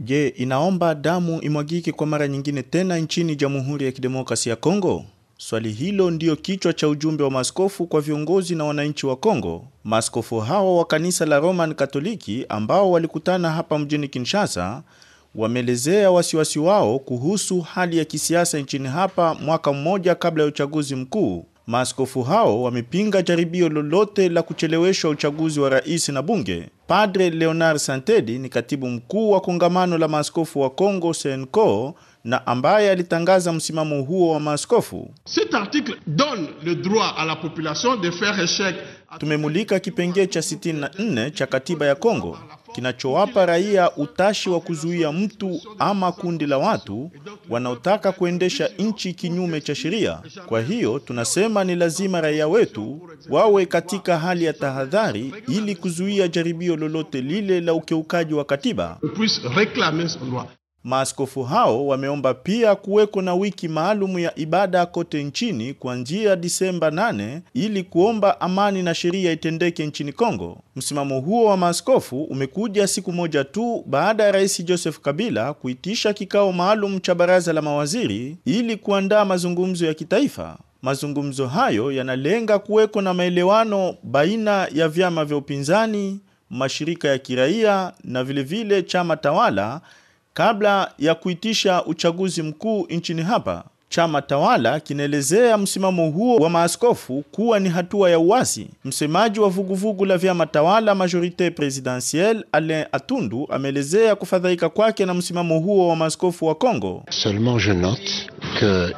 Je, inaomba damu imwagike kwa mara nyingine tena nchini Jamhuri ya Kidemokrasia ya Kongo? Swali hilo ndiyo kichwa cha ujumbe wa maskofu kwa viongozi na wananchi wa Kongo. maskofu hawa wa kanisa la Roman Katoliki ambao walikutana hapa mjini Kinshasa wameelezea wasiwasi wao kuhusu hali ya kisiasa nchini hapa mwaka mmoja kabla ya uchaguzi mkuu Maaskofu hao wamepinga jaribio lolote la kucheleweshwa uchaguzi wa rais na bunge. Padre Leonard Santedi ni katibu mkuu wa kongamano la maaskofu wa Kongo CENCO na ambaye alitangaza msimamo huo wa maaskofu. Cet article donne le droit à la population de faire échec. Tumemulika kipengee cha 64 cha katiba ya Kongo kinachowapa raia utashi wa kuzuia mtu ama kundi la watu wanaotaka kuendesha nchi kinyume cha sheria. Kwa hiyo tunasema ni lazima raia wetu wawe katika hali ya tahadhari ili kuzuia jaribio lolote lile la ukiukaji wa katiba. Maaskofu hao wameomba pia kuweko na wiki maalum ya ibada kote nchini kuanzia Disemba 8 ili kuomba amani na sheria itendeke nchini Kongo. Msimamo huo wa maaskofu umekuja siku moja tu baada ya Rais Joseph Kabila kuitisha kikao maalum cha baraza la mawaziri ili kuandaa mazungumzo ya kitaifa. Mazungumzo hayo yanalenga kuweko na maelewano baina ya vyama vya upinzani, mashirika ya kiraia na vilevile vile chama tawala Kabla ya kuitisha uchaguzi mkuu nchini hapa, chama tawala kinaelezea msimamo huo wa maaskofu kuwa ni hatua ya uasi. Msemaji wa vuguvugu la vyama tawala Majorite Presidentielle, Alain Atundu, ameelezea kufadhaika kwake na msimamo huo wa maaskofu wa Kongo. Seulement je note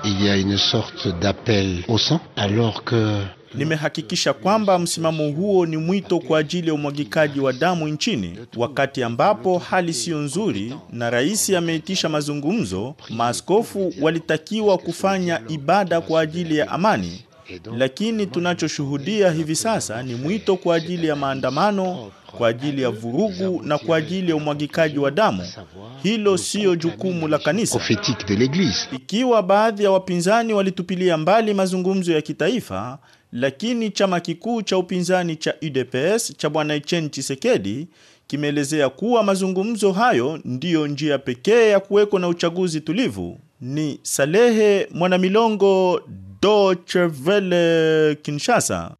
y a une sorte d'appel au sang alors que Nimehakikisha kwamba msimamo huo ni mwito kwa ajili ya umwagikaji wa damu nchini, wakati ambapo hali siyo nzuri na rais ameitisha mazungumzo. Maaskofu walitakiwa kufanya ibada kwa ajili ya amani, lakini tunachoshuhudia hivi sasa ni mwito kwa ajili ya maandamano, kwa ajili ya vurugu na kwa ajili ya umwagikaji wa damu. Hilo siyo jukumu la kanisa. Ikiwa baadhi ya wapinzani walitupilia mbali mazungumzo ya kitaifa lakini chama kikuu cha upinzani cha UDPS cha bwana Etienne Tshisekedi kimeelezea kuwa mazungumzo hayo ndiyo njia pekee ya kuweko na uchaguzi tulivu. Ni Salehe Mwanamilongo, Dochevele, Kinshasa.